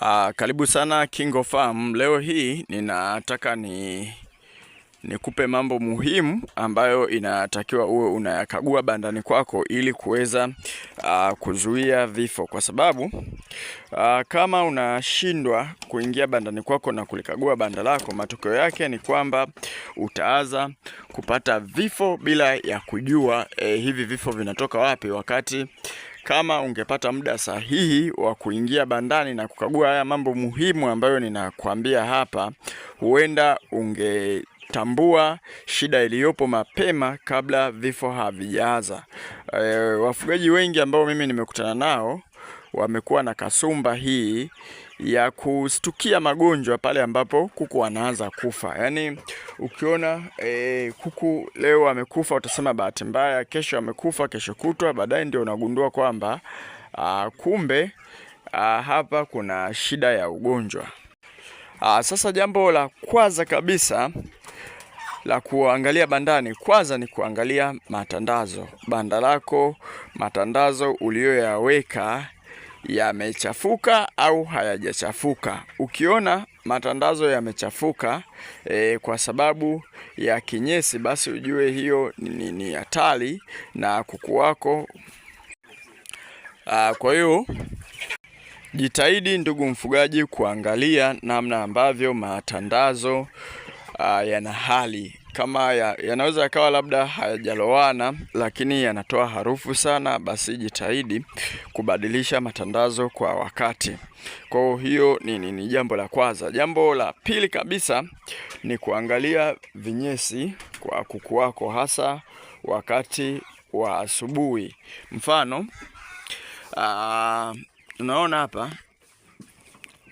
Uh, karibu sana Farm. Leo hii ninataka ni nikupe mambo muhimu ambayo inatakiwa uwe unayakagua bandani kwako ili kuweza uh, kuzuia vifo, kwa sababu uh, kama unashindwa kuingia bandani kwako na kulikagua banda lako, matokeo yake ni kwamba utaanza kupata vifo bila ya kujua eh, hivi vifo vinatoka wapi, wakati kama ungepata muda sahihi wa kuingia bandani na kukagua haya mambo muhimu ambayo ninakwambia hapa, huenda ungetambua shida iliyopo mapema kabla vifo havijaanza. E, wafugaji wengi ambao mimi nimekutana nao wamekuwa na kasumba hii ya kustukia magonjwa pale ambapo kuku wanaanza kufa. Yaani ukiona e, kuku leo amekufa, utasema bahati mbaya, kesho amekufa, kesho kutwa, baadaye ndio unagundua kwamba ah, kumbe a, ah, hapa kuna shida ya ugonjwa. A, ah, sasa jambo la kwanza kabisa la kuangalia bandani, kwanza ni kuangalia matandazo. Banda lako matandazo uliyoyaweka yamechafuka au hayajachafuka. Ukiona matandazo yamechafuka e, kwa sababu ya kinyesi, basi ujue hiyo ni hatari na kuku wako. Kwa hiyo jitahidi, ndugu mfugaji, kuangalia namna ambavyo matandazo yana hali kama yanaweza yakawa labda hayajalowana, lakini yanatoa harufu sana, basi jitahidi kubadilisha matandazo kwa wakati. Kwa hiyo ni, ni, ni jambo la kwanza. Jambo la pili kabisa ni kuangalia vinyesi kwa kuku wako, hasa wakati wa asubuhi. Mfano unaona hapa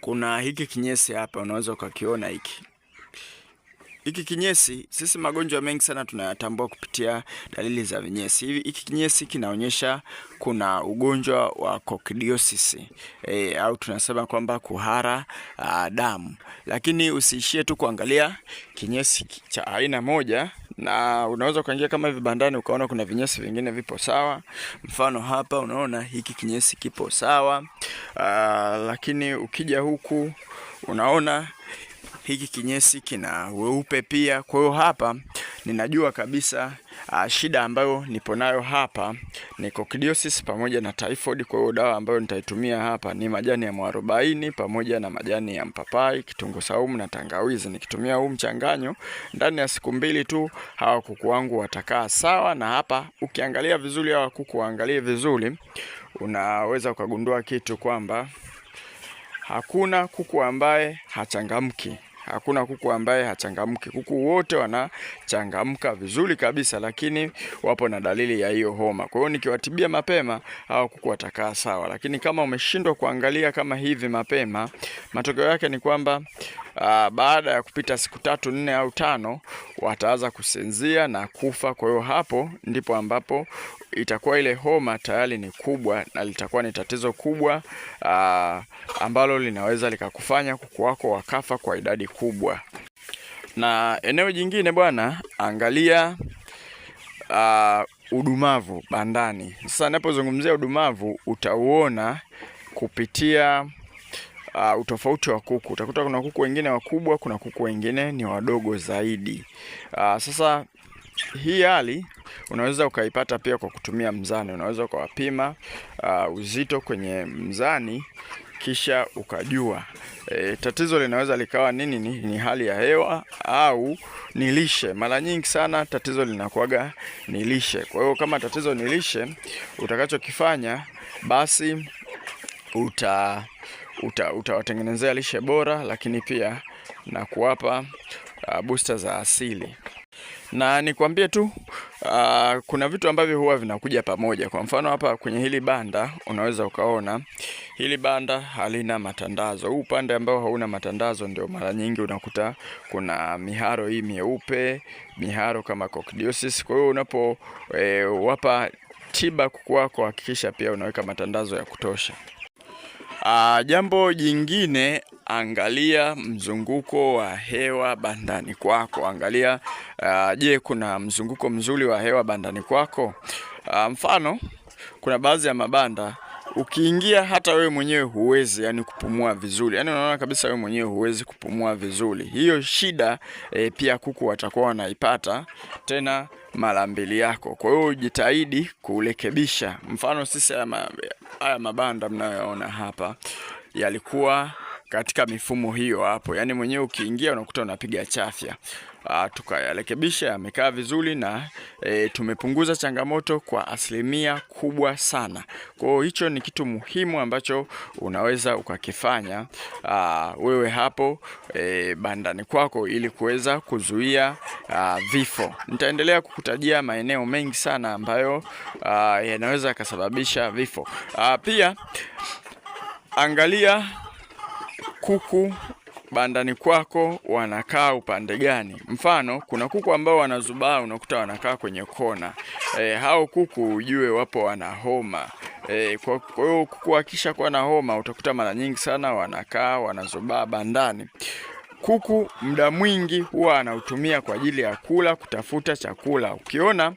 kuna hiki kinyesi hapa, unaweza ukakiona hiki hiki kinyesi, sisi magonjwa mengi sana tunayatambua kupitia dalili za vinyesi hivi. Hiki kinyesi kinaonyesha kuna ugonjwa wa coccidiosis e, au tunasema kwamba kuhara a, damu. Lakini usiishie tu kuangalia kinyesi cha aina moja na unaweza ukaingia kama vibandani ukaona kuna vinyesi vingine vipo sawa. Mfano hapa unaona hiki kinyesi kipo sawa, uh, lakini ukija huku unaona hiki kinyesi kina weupe pia. Kwa hiyo hapa ninajua kabisa uh, shida ambayo nipo nayo hapa ni coccidiosis pamoja na typhoid. Kwa hiyo dawa ambayo nitaitumia hapa ni majani ya mwarobaini pamoja na majani ya mpapai, kitunguu saumu na tangawizi. Nikitumia huu mchanganyo ndani ya siku mbili tu, hawa kuku wangu watakaa sawa. Na hapa ukiangalia vizuri, hawa kuku waangalie vizuri, unaweza ukagundua kitu kwamba hakuna kuku ambaye hachangamki hakuna kuku ambaye hachangamki. Kuku wote wanachangamka vizuri kabisa, lakini wapo na dalili ya hiyo homa. Kwa hiyo nikiwatibia mapema hao kuku watakaa sawa, lakini kama umeshindwa kuangalia kama hivi mapema, matokeo yake ni kwamba Uh, baada ya kupita siku tatu nne au tano wataanza kusinzia na kufa. Kwa hiyo hapo ndipo ambapo itakuwa ile homa tayari ni kubwa na litakuwa ni tatizo kubwa uh, ambalo linaweza likakufanya kuku wako wakafa kwa idadi kubwa. Na eneo jingine bwana, angalia uh, udumavu bandani. Sasa napozungumzia udumavu utauona kupitia uh, utofauti wa kuku. Utakuta kuna kuku wengine wakubwa, kuna kuku wengine ni wadogo zaidi. Uh, sasa hii hali unaweza ukaipata pia kwa kutumia mzani. Unaweza ukawapima uh, uzito kwenye mzani kisha ukajua e, tatizo linaweza likawa nini? Ni, ni hali ya hewa au ni lishe. Mara nyingi sana tatizo linakuwaga ni lishe. Kwa hiyo kama tatizo ni lishe, utakachokifanya basi uta utawatengenezea uta lishe bora, lakini pia na kuwapa uh, booster za asili na nikwambie tu uh, kuna vitu ambavyo huwa vinakuja pamoja. Kwa mfano hapa kwenye hili banda unaweza ukaona hili banda halina matandazo. Huu upande ambao hauna matandazo ndio mara nyingi unakuta kuna miharo hii mieupe, miharo kama coccidiosis. Kwa hiyo unapo e, wapa tiba kuku wako hakikisha pia unaweka matandazo ya kutosha. Uh, jambo jingine angalia mzunguko wa hewa bandani kwako. Angalia uh, je, kuna mzunguko mzuri wa hewa bandani kwako? Uh, mfano kuna baadhi ya mabanda ukiingia hata wewe mwenyewe huwezi yani kupumua vizuri, yani unaona kabisa wewe mwenyewe huwezi kupumua vizuri. Hiyo shida e, pia kuku watakuwa wanaipata tena mara mbili yako. Kwa hiyo ujitahidi kurekebisha. Mfano sisi haya mabanda mnayoona hapa yalikuwa katika mifumo hiyo hapo, yaani mwenyewe ukiingia unakuta unapiga chafya. Ah, tukayarekebisha, yamekaa vizuri na e, tumepunguza changamoto kwa asilimia kubwa sana. Kwa hiyo hicho ni kitu muhimu ambacho unaweza ukakifanya aa, ah, wewe hapo e, bandani kwako ili kuweza kuzuia aa, ah, vifo. Nitaendelea kukutajia maeneo mengi sana ambayo yanaweza yakasababisha vifo aa, pia angalia kuku bandani kwako wanakaa upande gani. Mfano, kuna kuku ambao wanazubaa, unakuta wanakaa kwenye kona e, hao kuku ujue wapo wana homa e, kwa hiyo kuku akisha kuwa na homa utakuta mara nyingi sana wanakaa wanazubaa bandani. Kuku muda mwingi huwa anautumia kwa ajili ya kula, kutafuta chakula. Ukiona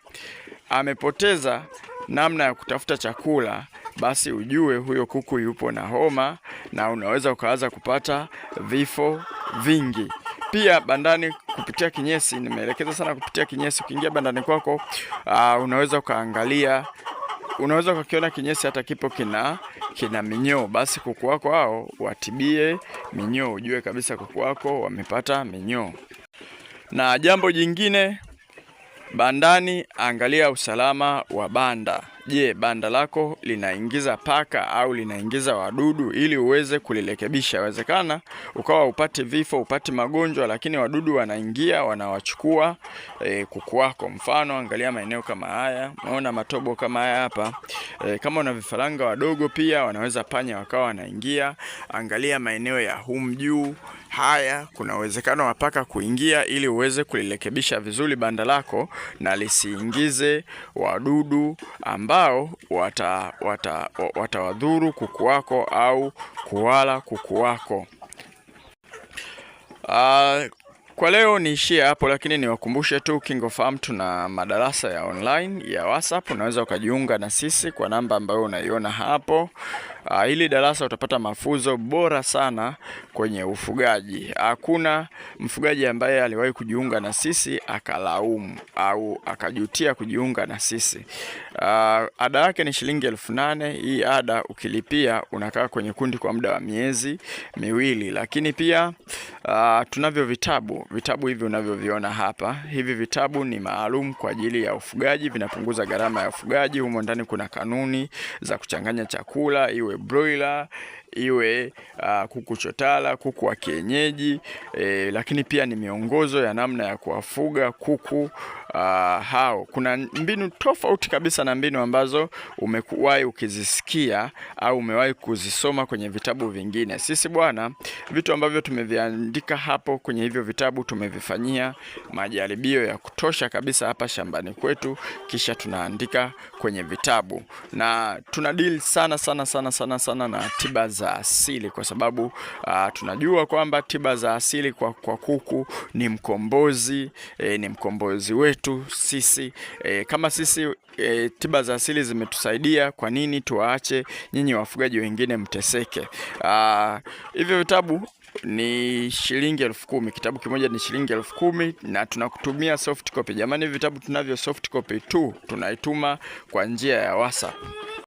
amepoteza namna ya kutafuta chakula basi ujue huyo kuku yupo na homa na unaweza ukaanza kupata vifo vingi. Pia bandani kupitia kinyesi, nimeelekeza sana kupitia kinyesi. Ukiingia bandani kwako, uh, unaweza ukaangalia, unaweza ukakiona kinyesi hata kipo kina kina minyoo, basi kuku wako hao watibie minyoo, ujue kabisa kuku wako wamepata minyoo. Na jambo jingine Bandani, angalia usalama wa banda. Je, banda lako linaingiza paka au linaingiza wadudu ili uweze kulirekebisha? Inawezekana ukawa upati vifo, upati magonjwa, lakini wadudu wanaingia wanawachukua e, kuku wako. Mfano, angalia maeneo kama haya, unaona matobo kama haya hapa. E, kama una vifaranga wadogo, pia wanaweza panya wakawa wanaingia. Angalia maeneo ya humu juu haya kuna uwezekano wa paka kuingia, ili uweze kulirekebisha vizuri banda lako na lisiingize wadudu ambao watawadhuru wata, wata kuku wako au kuwala kuku wako. Uh, kwa leo niishie hapo, lakini niwakumbushe tu KingoFarm tuna madarasa ya online ya WhatsApp. Unaweza ukajiunga na sisi kwa namba ambayo unaiona hapo. Uh, hili darasa utapata mafunzo bora sana kwenye ufugaji. Hakuna mfugaji ambaye aliwahi kujiunga na sisi akalaumu au akajutia kujiunga na sisi. Uh, ada yake ni shilingi elfu nane. Hii ada ukilipia unakaa kwenye kundi kwa muda wa miezi miwili, lakini pia uh, tunavyo vitabu. Vitabu hivi unavyoviona hapa, hivi vitabu ni maalum kwa ajili ya ufugaji, vinapunguza gharama ya ufugaji. Humo ndani kuna kanuni za kuchanganya chakula, iwe broiler iwe uh, kuku chotala, kuku wa kienyeji e, lakini pia ni miongozo ya namna ya kuwafuga kuku uh, hao. Kuna mbinu tofauti kabisa na mbinu ambazo umewahi ukizisikia au umewahi kuzisoma kwenye vitabu vingine. Sisi bwana, vitu ambavyo tumeviandika hapo kwenye hivyo vitabu tumevifanyia majaribio ya kutosha kabisa hapa shambani kwetu, kisha tunaandika kwenye vitabu na deal sana sana sana sana sana na tiba za asili, kwa sababu uh, tunajua kwamba tiba za asili kwa, kwa kuku ni mkombozi eh, ni mkombozi wetu sisi eh, kama sisi e, tiba za asili zimetusaidia, kwa nini tuwaache nyinyi wafugaji wengine mteseke? Ah, hivyo vitabu ni shilingi elfu kumi. Kitabu kimoja ni shilingi elfu kumi na tunakutumia soft copy. Jamani, vitabu tunavyo soft copy tu, tunaituma kwa njia ya WhatsApp.